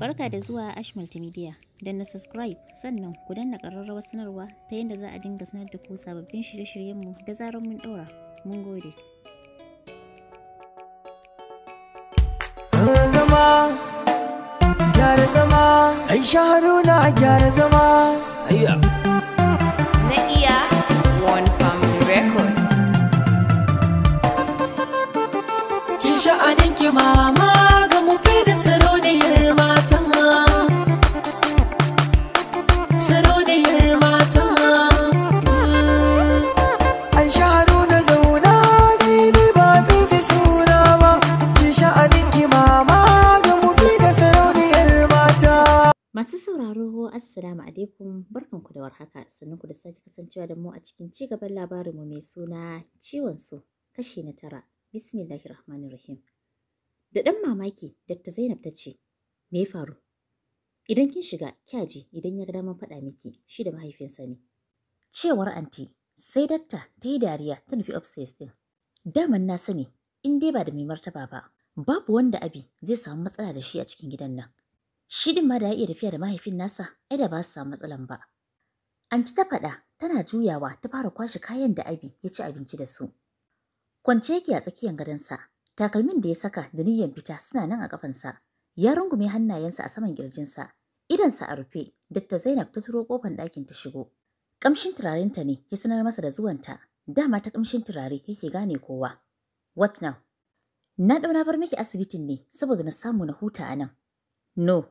Barka da zuwa Ash Multimedia. Don na subscribe sannan ku danna ƙararrawar sanarwa ta yadda za a dinga sanar da ku sababbin shirye-shiryenmu da zarar mun ɗora. Mun gode. Zama, gyara zama, Aisha Haruna gyara zama. Na iya One Family Record. Kin sha'aninki mama ga mu da saro. assalamu alaikum barkanku da warhaka ku da sake kasancewa da mu a cikin ci gaban labarinmu mai suna ciwon so kashi na tara bismillahi rahmani rahim da ɗan mamaki Dr. Zainab ta ce me ya faru idan kin shiga kyaji idan ya ga daman faɗa miki shi da mahaifinsa ne cewar anti sai datta ta yi dariya ta nufi upstairs din daman na sani in dai ba da mai martaba ba babu wanda abi zai samu matsala da shi a cikin gidan nan Shi din ma da ya iya tafiya da mahaifin nasa, ai da ba su samu matsalan ba. Anti ta faɗa tana juyawa ta fara kwashe kayan da Abi ya ci abinci da su. Kwance yake a tsakiyar gadon sa. takalmin da ya saka da niyyar fita suna nan a kafansa. Ya rungume hannayensa a saman kirjinsa, idansa a rufe, Dr. Zainab ta turo kofar ɗakin ta shigo. Kamshin turarenta ne ya sanar masa da zuwanta, dama ta kamshin turare yake gane kowa. What now? Na ɗau na bar miki asibitin ne saboda na samu na huta a nan. No,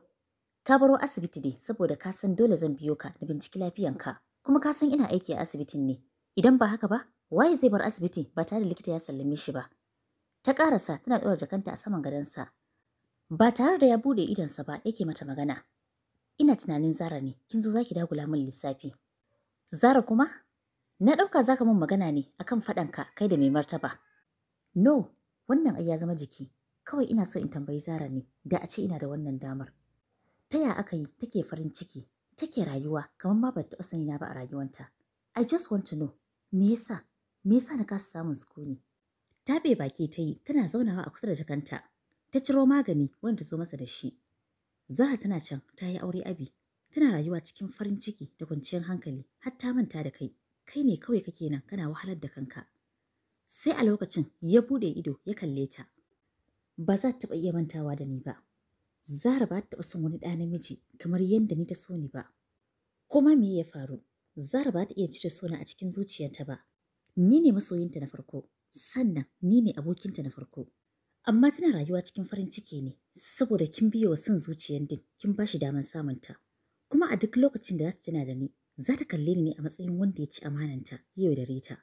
Ka baro asibiti ne saboda ka san dole zan biyo ka na binciki lafiyanka, kuma ka san ina aiki a asibitin ne. Idan ba haka ba, waye zai bar asibiti ba tare da likita ya sallame shi ba. Ta ƙarasa tana ɗora jakanta a saman gadonsa. Ba tare da ya buɗe sa ba yake mata magana. Ina tunanin Zara ne, kin zo zaki ki dagula min lissafi. Zara kuma? Na ɗauka zaka ka min magana ne akan faɗanka kai da mai martaba. No, wannan ai ya zama jiki. Kawai ina so in tambayi Zara ne, da a ce ina da wannan damar. ta ya aka yi take farin ciki take rayuwa kamar ma ta taɓa sani na ba a rayuwanta I just want to know me yasa me yasa na kasa samun sukuni tabe baki ta yi tana zaunawa a kusa da jakanta ta ciro magani wanda ta zo masa da shi Zara tana can ta yi aure abi tana rayuwa cikin farin ciki da kwanciyar hankali har ta manta da kai kai ne kawai kake nan kana wahalar da kanka sai a lokacin ya bude ido ya kalle ta ba za ta taɓa iya mantawa da ni ba Zara ba ta taɓa son wani ɗa namiji kamar yadda ni ta so ni ba. Kuma me ya faru? Zara ba ta iya cire sona a cikin zuciyarta ba. Ni ne masoyinta na farko, sannan ni ne abokinta na farko. Amma tana rayuwa cikin farin ciki ne, saboda kin biya wa son zuciyar din, kin ba shi daman samunta. Kuma a duk lokacin da za ta tana da ni, za ta kalle ni ne a matsayin wanda ya ci amananta yau da rita.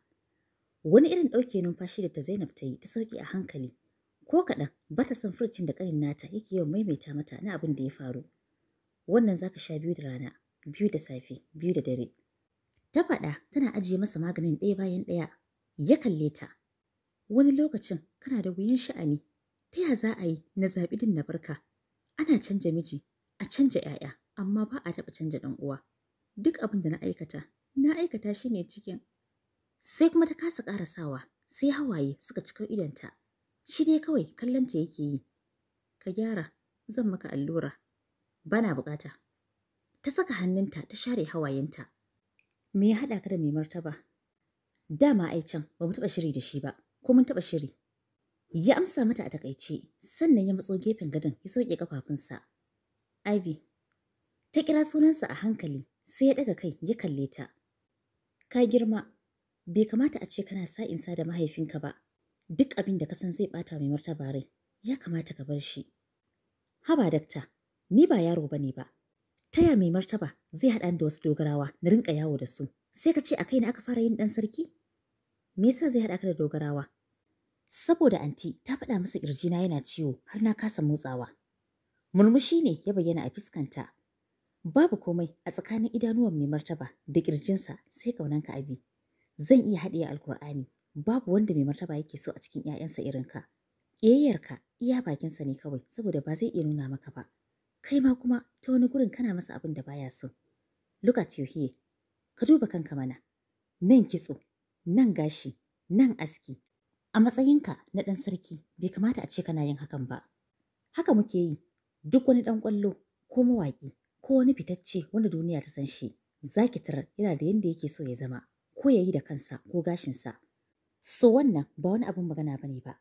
Wani irin ɗauke numfashi da ta Zainab ta yi ta sauki a hankali Ko kaɗan ba ta son furcin da ƙanin nata yake yawan maimaita mata na abin da ya faru. Wannan za ka sha biyu da rana, biyu da safe, biyu da dare. Ta faɗa tana ajiye masa maganin ɗaya bayan ɗaya. Ya kalle ta. Wani lokacin kana da wuyan sha'ani. Ta ya za a yi na zaɓi din na barka? Ana canja miji, a canja 'ya'ya, amma ba a taɓa canja ɗan uwa. Duk abin da na aikata, na aikata shi ne cikin. Sai kuma ta kasa ƙarasawa, sai hawaye suka cika idonta. Shi dai kawai kallonta yake yi. Ka gyara, zan maka allura. Bana bukata. Ta saka hannunta ta share hawayenta. Me ya haɗa ka da mai martaba? Dama ai can ba mu taɓa shiri da shi ba, ko mun taɓa shiri. Ya amsa mata a takaice, sannan ya matso gefen gadon ya sauke kafafunsa. Ivy, ta kira sunansa a hankali sai ya daga kai ya kalle ta. Ka girma, bai kamata a ce kana sa'insa da mahaifinka ba, duk abin da ka san zai bata mai martaba rai ya kamata ka bar shi haba dakta ni ba yaro bane ba taya mai martaba zai haɗa da wasu dogarawa na rinka yawo da su sai ka ce a kai na aka fara yin ɗan sarki me yasa zai haɗa ka da dogarawa saboda anti ta faɗa masa ƙirjina yana ciwo har na kasa motsawa murmushi ne ya bayyana a fuskanta babu komai a tsakanin idanuwan mai martaba da ƙirjinsa sai ƙaunanka abi zan iya haɗiye alkur'ani babu wanda mai martaba yake so a cikin 'ya'yansa irin ka ƙiyayyarka iya bakinsa ne kawai saboda ba zai iya nuna maka ba kai ma kuma ta wani gurin kana masa abin da baya so look at your hair ka duba kanka mana nan kitso nan gashi nan aski a matsayinka na ɗan sarki bai kamata a ce kana yin hakan ba haka muke yi duk wani ɗan ƙwallo ko mawaƙi ko wani fitacce wanda duniya ta san shi zaki tarar yana da yanda yake so ya zama ko ya yi da kansa ko gashinsa So wannan ba wani abin magana ba ne ba.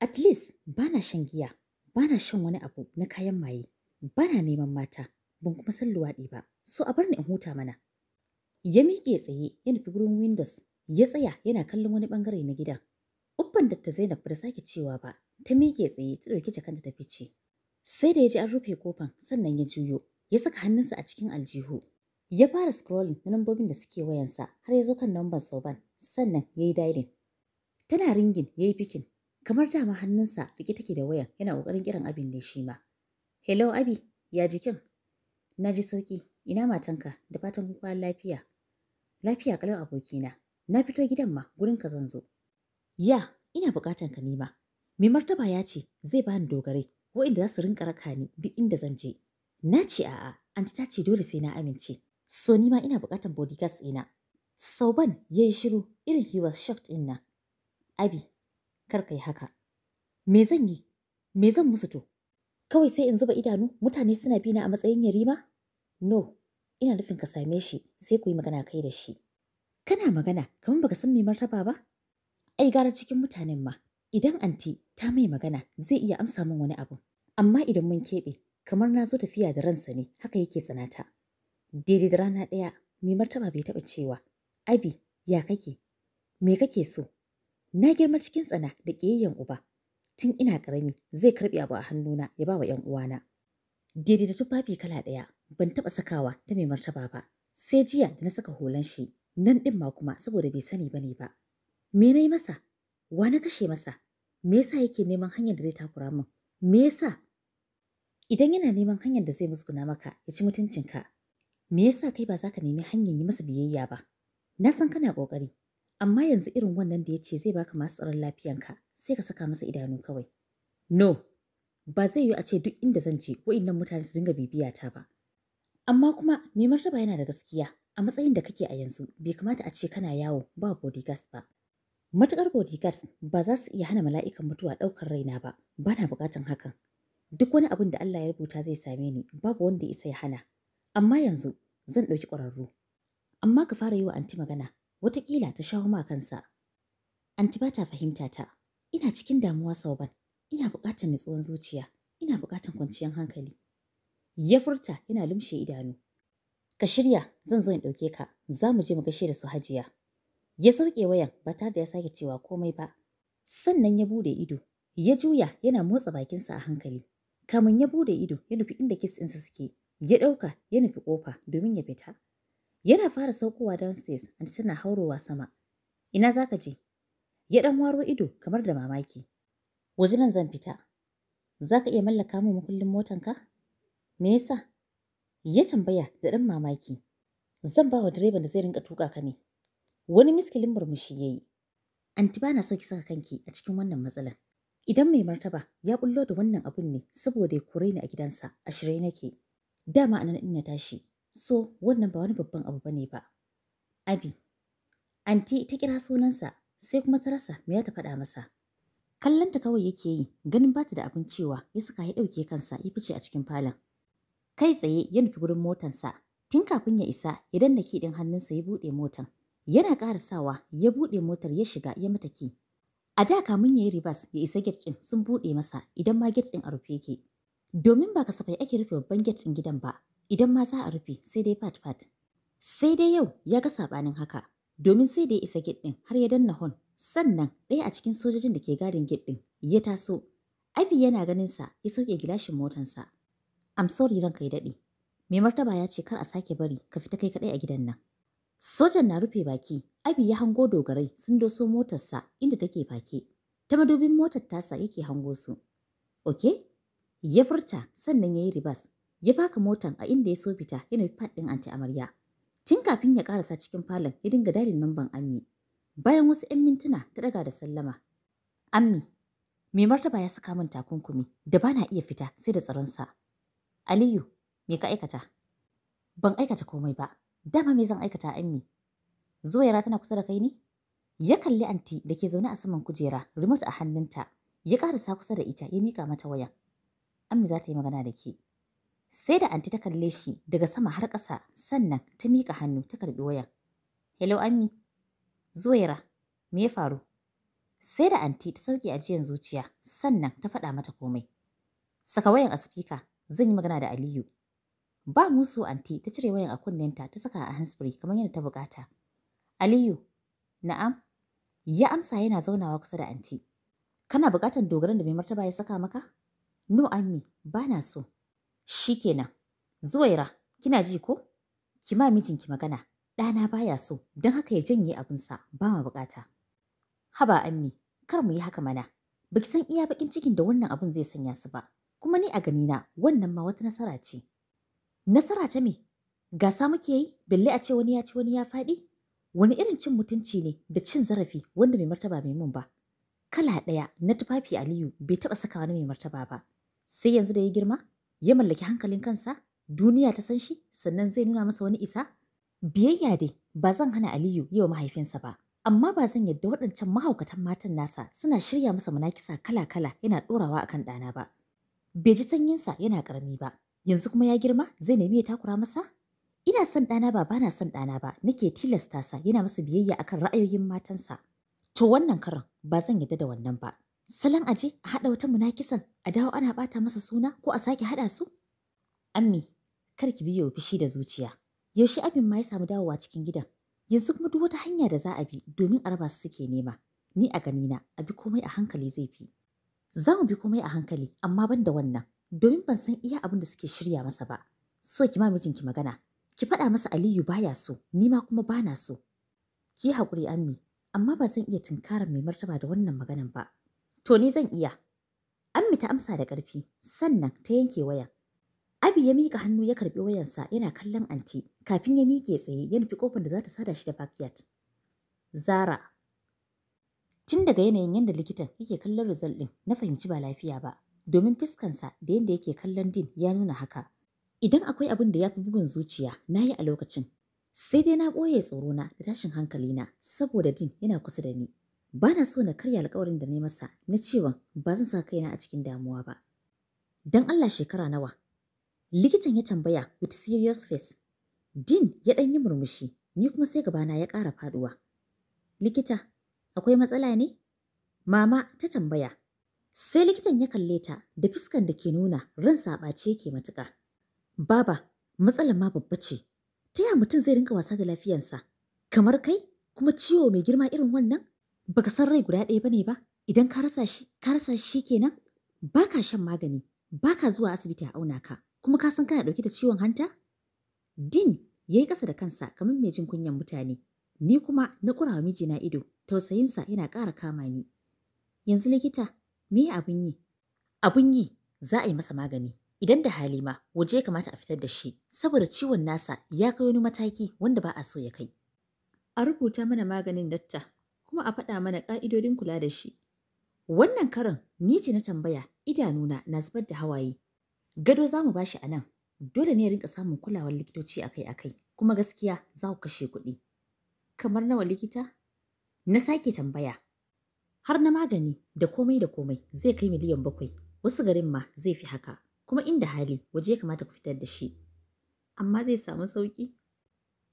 At least ba na shan giya, ba na shan wani abu na kayan maye, ba na neman mata, ban kuma san luwaɗi ba. So a bar ni in huta mana. Ya miƙe tsaye ya nufi wurin Windows ya tsaya yana kallon wani ɓangare na gidan. Uban da ta Zainab ba sake cewa ba, ta miƙe tsaye ta ɗauki jakanta ta fice. Sai da ya ji an rufe kofan sannan ya juyo, ya saka hannunsa a cikin aljihu. Ya fara scrolling na nambobin da suke wayansa har ya zo kan namban Sauban, sannan ya yi dialing. Tana ringin ya yi fikin, kamar dama hannunsa rike take da wayan yana ƙoƙarin kiran abin ne shi ma. Hello Abi, ya jikin? Na ji sauƙi, ina matanka da fatan kuka lafiya. Lafiya kalau abokina, na fito gidan ma gurin ka zan zo. Ya, ina buƙatan ka nima. Mai martaba ya ce zai ba ni dogare, waɗanda za su rinka raka ni duk inda zan je. Na ce a'a, anti ta ce dole sai na amince. So nima ina buƙatan bodyguards ina-? Sauban ya yi shiru irin he was shocked ɗin Abi, kar ka yi haka. Me zan yi? Me zan musu to? Kawai sai in zuba idanu mutane suna bina a matsayin yarima? No, ina nufin ka same shi sai ku yi magana kai da shi. Kana magana kamar baka san me martaba ba? Ai gara cikin mutanen ma, idan anti ta mai magana zai iya amsa min wani abu. Amma idan mun keɓe, kamar na zo tafiya da ransa ne haka yake tsanata. Daidai da rana ɗaya, mai martaba bai taɓa cewa, Abi, ya kake? Me kake so? Na girma cikin tsana da ƙiyayyen uba. Tun ina ƙarami zai karɓi abu a hannuna ya ba wa ‘yan uwana. Daidai da tufafi kala ɗaya ban taɓa sakawa ta mai martaba ba. Sai jiya da na saka holan shi nan ɗin ma kuma saboda bai sani ba ne ba. Me na yi masa? Wa na kashe masa? Me yasa yake neman hanyar da zai takura min? Me yasa? Idan yana neman hanyar da zai musguna maka ya ci mutuncinka, me yasa kai ba za ka nemi hanyar yi masa biyayya ba? Na san kana ƙoƙari, Amma yanzu irin wannan da ya ce zai baka masu tsaron lafiyanka sai ka saka masa idanu kawai. No, ba zai yiwu a ce duk inda zan je wa'innan mutane su dinga bibiya ta ba. Amma kuma mai martaba yana da gaskiya a matsayin da kake a yanzu bai kamata a ce kana yawo ba bodyguards ba. Matuƙar bodyguards ba za su iya hana mala'ikan mutuwa ɗaukar raina ba, ba na buƙatan hakan. Duk wani abin da Allah ya rubuta zai same ni babu wanda ya isa ya hana. Amma yanzu zan ɗauki ƙwararru. Amma ka fara yi wa anti magana Wataƙila ta shawo ma kansa. Anti ba ta fahimta ta. Ina cikin damuwa sauban. Ina buƙatar nutsuwan zuciya. Ina buƙatar kwanciyar hankali. Ya furta yana lumshe idanu. Ka shirya zan zo in ɗauke ka. Za mu je mu gaishe da su hajiya. Ya sauke wayan ba tare da ya sake cewa komai ba. Sannan ya bude ido. Ya juya yana motsa bakinsa a hankali. Kamun ya bude ido ya nufi inda kis ɗinsa suke. Ya ɗauka ya nufi ƙofa domin ya fita. Yana fara saukowa downstairs, and tana haurowa sama. Ina za ka je? Ya ɗan waro ido kamar da mamaki. Waje nan zan fita. Za ka iya mallaka min makullin motanka? Me yasa? Ya tambaya da ɗan mamaki. Zan ba wa direban da zai rinka tuka ka ne. Wani miskilin murmushi ya yi. Anti ba na so ki saka kanki a cikin wannan matsalar. Idan mai martaba ya bullo da wannan abun ne saboda ya kore ni a gidansa, a shirye nake. Dama anan ina tashi, So, wannan ba wani babban abu bane ba. Abi, anti ta kira sunansa sai kuma ta rasa me ta faɗa masa. Kallanta kawai yake yi, ganin bata da abin cewa ya saka ya ɗauke kansa ya fice a cikin falon. Kai tsaye ya nufi gurin motansa, tun kafin ya isa ya danna ki ɗin hannunsa ya buɗe motan. Yana ƙarasawa ya buɗe motar ya shiga ya mata ki. A da kamun ya yi ribas ya isa gate ɗin sun buɗe masa idan ma get ɗin a rufe yake. Domin ba kasafai ake rufe babban gate ɗin gidan ba, idan ma za a rufe sai dai fat fat. Sai dai yau ya ga saɓanin haka, domin sai da ya isa gid ɗin har ya danna hon. Sannan ɗaya a cikin sojojin da ke gadin gid ɗin ya taso. Abi yana ganin sa ya sauke gilashin motansa. I'm sorry ranka ya daɗe. Mai martaba ya ce kar a sake bari ka fita kai kaɗai a gidan nan. Sojan na rufe baki, Abi ya hango dogarai sun doso motarsa inda take fake. Ta madubin motar tasa yake hango su. Oke? Okay? Ya furta sannan ya yi ribas ya baka motan a inda ya so fita ya nufi fat ɗin anti amarya. Tun kafin ya karasa cikin falon ya dinga dalin namban ammi. Bayan wasu 'yan mintuna ta daga da sallama. Ammi, Me martaba ya saka min takunkumi da bana iya fita sai da tsaron sa. Aliyu, me ka aikata? Ban aikata komai ba, dama me zan aikata ammi? yara tana kusa da kai ne? Ya kalli anti da ke zaune a saman kujera, remote a hannunta, ya karasa kusa da ita ya mika mata waya. Ammi za ta yi magana da ke. Sai da anti ta kalle shi daga sama har ƙasa sannan ta miƙa hannu ta karɓi wayan. Hello Ami. Zuwaira, me ya faru? Sai da anti ta sauke ajiyar zuciya sannan ta faɗa mata komai. Saka wayan a spika, zan yi magana da Aliyu. Ba musu anti ta cire wayan a kunnen ta saka a handsfree kamar yadda ta buƙata. Aliyu, na'am? Ya amsa yana zaunawa kusa da anti. Kana bukatar dogaran da mai martaba ya saka maka? No, Ami. ba na so. Shi Shikenan, Zuwaira, kina ji ko? Ki ma mijinki magana, ɗana baya so, don haka ya janye abinsa ba ma bukata. Haba ammi, kar mu yi haka mana. Baki san iya bakin cikin da wannan abun zai sanya su ba, kuma ni a ganina wannan ma wata nasara ce. Nasara ta me? Gasa muke yi, balle a ce wani ya ci wani ya faɗi? Wani irin cin mutunci ne da cin zarafi wanda mai martaba mai mun ba. Kala ɗaya na tufafi Aliyu bai taɓa sakawa na mai martaba ba. Sai yanzu da ya girma, ya mallaki hankalin kansa duniya ta san shi sannan zai nuna masa wani isa biyayya dai ba zan hana aliyu yi wa mahaifinsa ba amma ba zan yadda waɗancan mahaukatan matan nasa suna shirya masa munakisa kala-kala yana ɗorawa akan ɗana ba bai ji sanyinsa yana ƙarami ba yanzu kuma ya girma zai nemi ya takura masa ina son ɗana ba bana son ɗana ba nake tilasta sa yana masa biyayya akan ra'ayoyin matansa to wannan karan ba zan yadda da wannan ba Salon aje a haɗa wata munakisan a dawo ana ɓata masa suna ko a sake haɗa su? Ammi, kar ki biyo fishi da zuciya. Yaushe abin ma ya samu dawowa cikin gidan. Yanzu kuma duk wata hanya da za a bi domin a raba su suke nema. Ni a ganina a bi komai a hankali zai fi. Za mu bi komai a hankali amma ban da wannan domin ban san iya abin da suke shirya masa ba. So ki ma mijinki magana. Ki faɗa masa Aliyu baya so, ni ma kuma bana so. Ki hakuri, Ammi, amma ba zan iya tunkarar mai martaba da wannan maganan ba. To ni zan iya. Ammi ta amsa da ƙarfi, sannan ta yanke wayan. Abi ya miƙa hannu ya karɓi wayansa yana kallon anti, kafin ya miƙe tsaye ya nufi ƙofar da za ta sada shi da backyard. Zara. Tun daga yanayin yadda likitan yake kallon result ɗin na fahimci ba lafiya ba, domin fuskansa da yadda yake kallon din ya nuna haka. Idan akwai abin da ya fi bugun zuciya, na yi a lokacin. Sai dai na ɓoye tsorona da tashin hankalina saboda din yana kusa da ni. Ba na so na karya alkawarin da na masa na cewa ba zan sa kaina a cikin damuwa ba. dan Allah shekara nawa? Likitan ya tambaya with serious face. Din ya ɗan yi murmushi, ni kuma sai gabana ya ƙara faduwa. Likita, akwai matsala ne? Mama ta tambaya. Sai likitan ya kalle ta da fuskan da ke nuna ran saɓace ke matuƙa. Baba, matsalar ma babba ce. Ta yaya mutum zai rinka wasa da lafiyansa? Kamar kai? Kuma ciwo mai girma irin wannan? baka san rai guda ɗaya bane ba idan ka rasa shi ka rasa shi kenan baka shan magani baka zuwa asibiti a auna ka kuma ka san kana ɗauke da ciwon hanta din yayi kasa da kansa kamar mai jin kunyan mutane ni kuma na kurawa mijina ido tausayinsa yana ƙara kama ni yanzu likita me abun yi Abun yi za a yi masa magani idan da hali ma waje kamata a fitar da shi saboda ciwon nasa ya kai wani mataki wanda ba a so ya kai. A rubuta mana maganin datta kuma a faɗa mana ƙa'idodin kula da shi. Wannan karon ni ce na tambaya idanuna na zubar da hawaye. Gado za mu bashi a nan, dole ne ya rinka samun kulawar likitoci akai-akai, kuma gaskiya za ku kashe kuɗi. Kamar nawa likita? Na sake tambaya. Har na magani da komai da komai zai kai miliyan bakwai, wasu garin ma zai fi haka, kuma inda hali waje ya kamata ku fitar da shi. Amma zai samu sauƙi?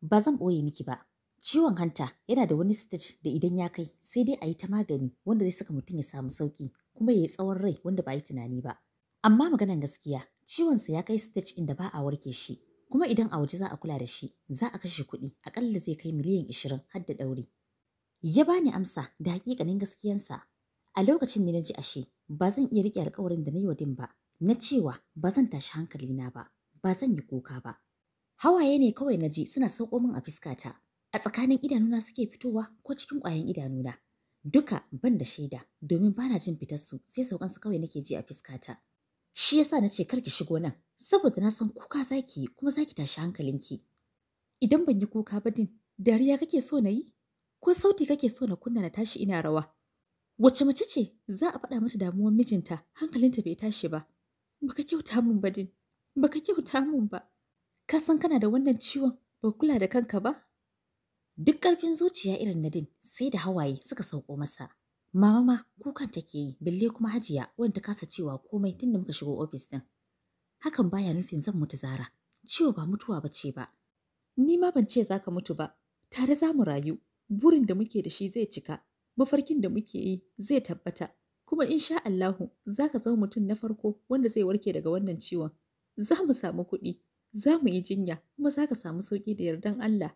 Ba zan ɓoye miki ba, Ciwon hanta yana da wani stage da idan ya kai sai dai a yi ta magani wanda zai saka mutum ya samu sauki kuma ya yi tsawon rai wanda ba yi tunani ba. Amma maganan gaskiya ciwonsa ya kai stage inda ba a warke shi kuma idan a waje za a kula da shi za a kashe kuɗi akalla zai kai miliyan ishirin har da ɗauri. Ya bani amsa da hakikanin gaskiyansa a lokacin ne na ji ashe ba zan iya riƙe alƙawarin da na yi wa ba na cewa ba zan tashi hankalina ba ba zan yi kuka ba. Hawaye ne kawai na ji suna sauko min a fuskata a tsakanin idanuna suke fitowa ko cikin ƙwayan idanuna. Duka ban da shaida domin bana jin fitar su sai su kawai nake ji a fuskata. Shi yasa na ce kar ki shigo nan saboda na san kuka zaki yi kuma zaki tashi hankalinki. Idan ban yi kuka ba din dariya kake so na yi? Ko sauti kake so na kunna na tashi ina rawa? Wace mace ce za a faɗa mata damuwar mijinta hankalinta bai tashi ba? Baka kyauta min ba din, baka kyauta min ba. Ka san kana da wannan ciwon ba kula da kanka ba? Duk ƙarfin zuciya irin na din sai da hawaye suka sauko masa. Mama ma kukan take yi, bille kuma hajiya wanda ta kasa cewa komai tun da muka shigo ofis ɗin. Hakan baya nufin zan mutu zara. Ciwo ba mutuwa ba ce ba. Ni ma ban ce za ka mutu ba, tare za mu rayu. Burin da muke da shi zai cika, mafarkin da muke yi zai tabbata. Kuma insha Allahu za ka zama mutum na farko wanda zai warke daga wannan ciwon. Za mu samu kuɗi, za mu yi jinya, kuma za ka samu sauƙi da yardan Allah.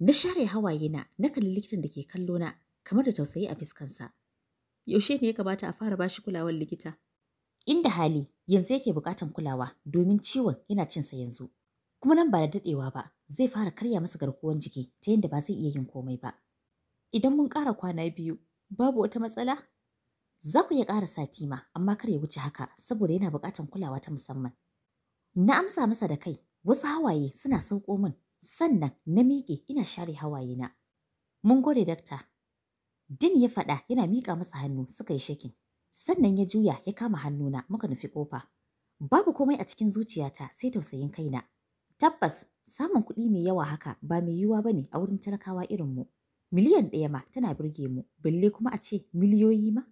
Na share hawaye na, na kalli likitan da ke kallo na kamar da tausayi a fiskansa. Yaushe ne ya kamata a fara bashi kulawar likita? Inda hali yanzu yake bukatan kulawa domin ciwon yana cinsa yanzu. Kuma nan ba da dadewa ba zai fara karya masa garkuwan jiki ta yadda ba zai iya yin komai ba. Idan mun ƙara kwana biyu babu wata matsala? Za ku iya ƙara sati ma amma kar ya wuce haka saboda yana bukatan kulawa ta musamman. Na amsa masa da kai wasu hawaye suna sauko min Sannan na miƙe ina share hawayena. Mun gode dakta. Din ya faɗa yana miƙa masa hannu suka yi shakin. Sannan ya juya ya kama hannuna muka nufi ƙofa. Babu komai a cikin zuciyata sai tausayin kaina. Tabbas samun kuɗi mai yawa haka ba mai yiwuwa ba ne a wurin talakawa irin mu. Miliyan ɗaya ma tana birge mu, balle kuma a ce miliyoyi ma?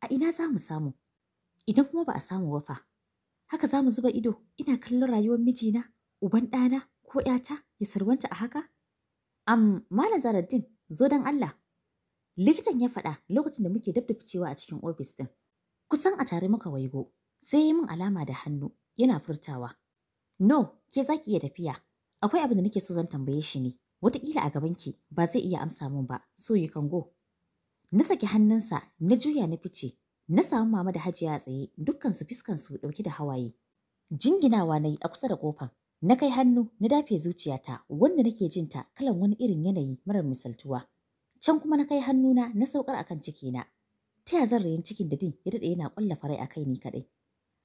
A ina za mu samu? Idan kuma ba a samu wafa haka za mu zuba ido ina kallon rayuwar mijina, uban ɗana ko ‘yata? ya sarwanta a haka? Am, zarar Zaraddin, zo don Allah. Likitan ya faɗa lokacin da muke dab da a cikin ofis ɗin. Kusan a tare muka waigo, sai yi min alama da hannu, yana furtawa. No, ke za ki iya tafiya. Akwai abin da nake so zan tambaye shi ne, wataƙila a gaban ki, ba zai iya amsa min ba, so yi kango. Na saki hannunsa, na juya na fice, na samu mama da hajiya tsaye dukkansu su ɗauke da hawaye. Jinginawa na yi a kusa da kofan. Na kai hannu na dafe zuciyata wanda nake jin ta kalan wani irin yanayi marar misaltuwa. Can kuma na kai hannu na na saukar akan cikina. Ta ya zan rayin cikin da din ya daɗe yana ƙwalla farai a kai ni kaɗai.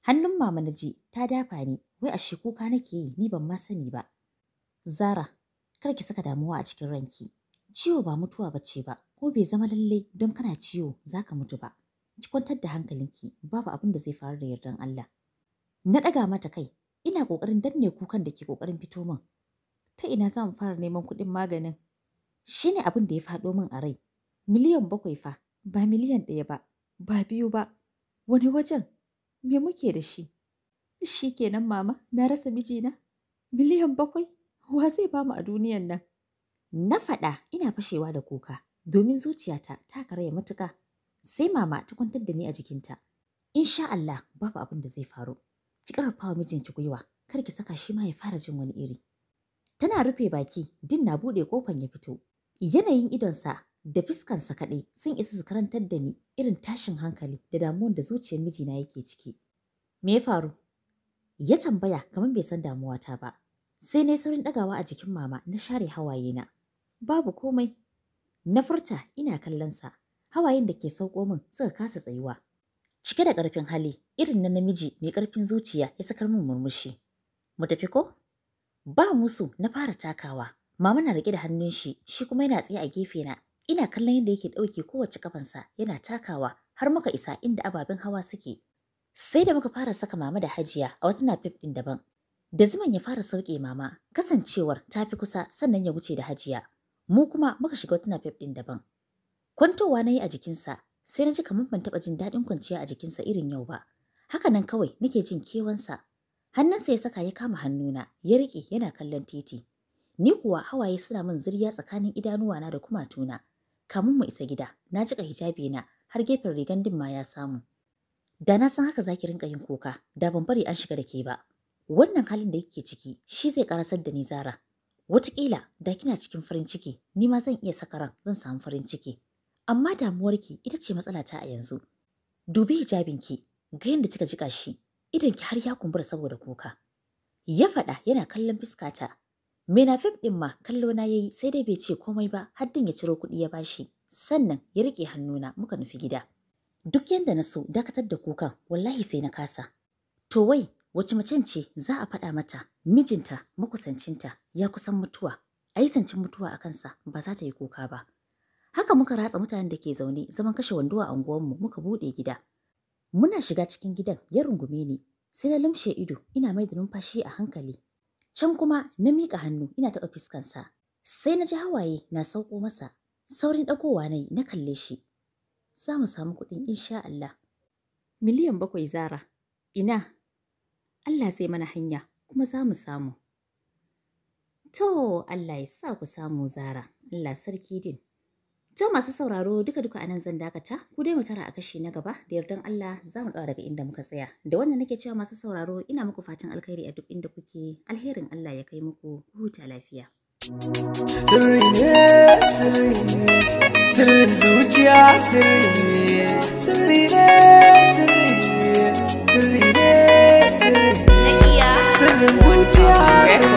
Hannun mama na ji ta dafa ni wai ashe kuka nake yi ni ban ma sani ba. Zara, kar ki saka damuwa a cikin ranki. Ciwo ba mutuwa bace ba, ko bai zama lalle don kana ciwo za ka mutu ba. Ki kwantar da hankalinki babu abin da zai faru da yardan Allah. Na ɗaga mata kai ina ƙoƙarin danne kukan da ke ƙoƙarin fito min ta ina za mu fara neman kuɗin maganin shi ne abin da ya faɗo min a rai miliyan bakwai fa ba miliyan ɗaya ba ba biyu ba wani wajen me muke da shi shi kenan mama na rasa mijina miliyan bakwai wa zai ba mu a duniyan nan na faɗa ina fashewa da kuka domin zuciyata ta karaya matuka sai mama ta kwantar da ni a jikinta insha Allah babu abin da zai faru ki ƙarfafa wa mijinki gwiwa kar ki saka shi ma ya fara jin wani iri tana rufe baki din na bude kofan ya fito yanayin idonsa da fiskansa kaɗai sun isa su karantar da ni irin tashin hankali da damuwan da zuciyar mijina yake ciki me ya faru ya tambaya kamar bai san damuwata ba sai na saurin ɗagawa a jikin mama na share hawaye na babu komai na furta ina kallon sa. hawayen da ke sauko min suka kasa tsayuwa cike da ƙarfin hali irin na namiji mai ƙarfin zuciya ya sakar min murmushi. Mu tafi ko? Ba musu na fara takawa. Mama na rike da hannun shi, shi kuma yana tsaye a gefe na. Ina kallon yadda yake ɗauke kowace kafansa yana takawa har muka isa inda ababen hawa suke. Sai da muka fara saka mama da hajiya a wata fif ɗin daban. Da zuman ya fara sauke mama, kasancewar ta fi kusa sannan ya wuce da hajiya. Mu kuma muka shiga wata fif ɗin daban. Kwantowa na yi a jikinsa, sai na ji kamar ban taɓa jin daɗin kwanciya a jikinsa irin yau ba. Haka nan kawai nake jin kewansa. Hannunsa ya saka ya kama hannuna, ya riƙe yana kallon titi. Ni kuwa hawaye suna min zirya tsakanin idanuwana da kumatuna. Kamun mu isa gida, na jiƙa hijabi na har gefen rigan din ma ya samu. Da na san haka zaki rinka yin kuka, da ban bari an shiga da ke ba. Wannan halin da kike ciki shi zai karasar da ni Zara. Wataƙila da kina cikin farin ciki, ni ma zan iya saka ran zan samu farin ciki. Amma damuwarki ita ce matsala ta a yanzu. Dubi hijabinki, ga yadda kika jika shi idan ki har ya kumbura saboda kuka ya faɗa yana kallon na menafif ɗin ma kallo na yayi sai dai bai ce komai ba har din ya ciro kuɗi ya bashi sannan ya riƙe hannuna muka nufi gida duk yanda na so dakatar da kukan wallahi sai na kasa to wai wace macen ce za a faɗa mata mijinta makusancinta ya kusan mutuwa a yi sancin mutuwa a kansa ba za ta yi kuka ba haka muka ratsa mutanen da ke zaune zaman kashe wando a unguwarmu muka buɗe gida Muna shiga cikin gidan ya rungume ni, sai na lumshe ido ina mai da numfashi a hankali. Can kuma na miƙa hannu ina taɓa fuskansa. Sai na ji hawaye na sauko masa, saurin ɗagowa na na kalle shi. Za mu samu kuɗin insha Allah. Miliyan bakwai zara, ina? Allah sai mana hanya kuma za mu samu. To Allah ya sa ku samu zara, Allah sarki din. To masu sauraro duka duka anan zan dakata ku dai mu tara a kashi na gaba da yardan Allah za mu daga inda muka tsaya da wannan nake cewa masu sauraro ina muku fatan alkhairi a duk inda kuke alherin Allah ya kai muku huta lafiya Sirri zuciya sirri zuciya sirri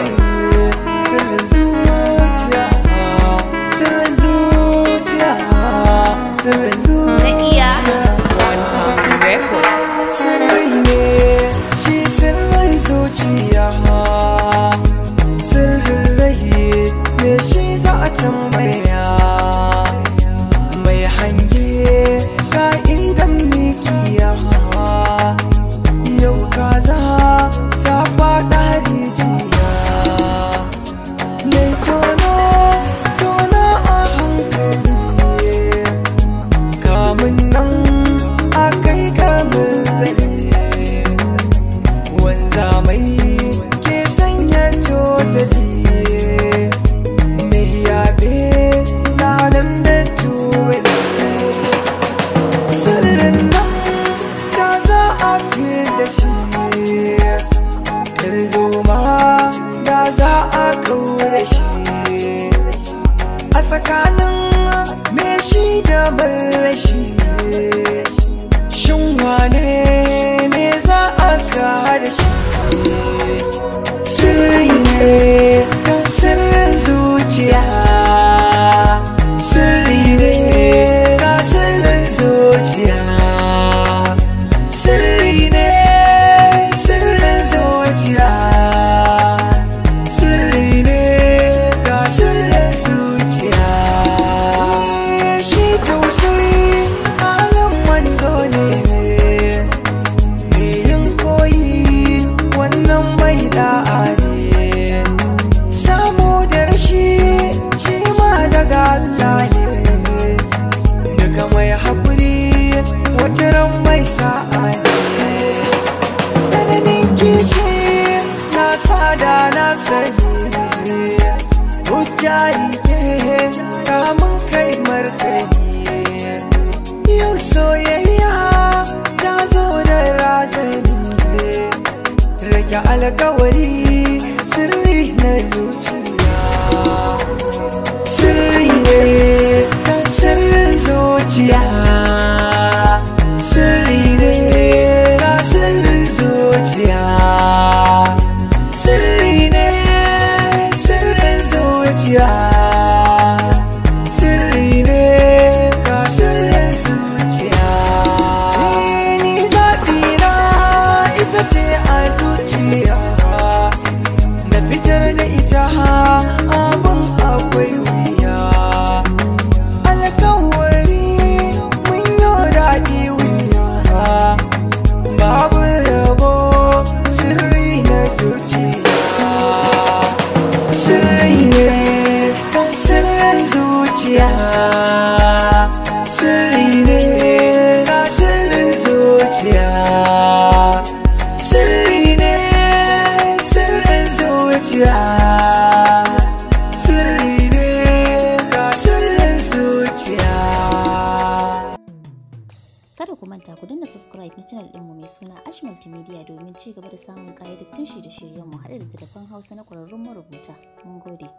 samun kaya shirye tun shi da telefon hausa na ƙwararrun marubuta. Mun gode.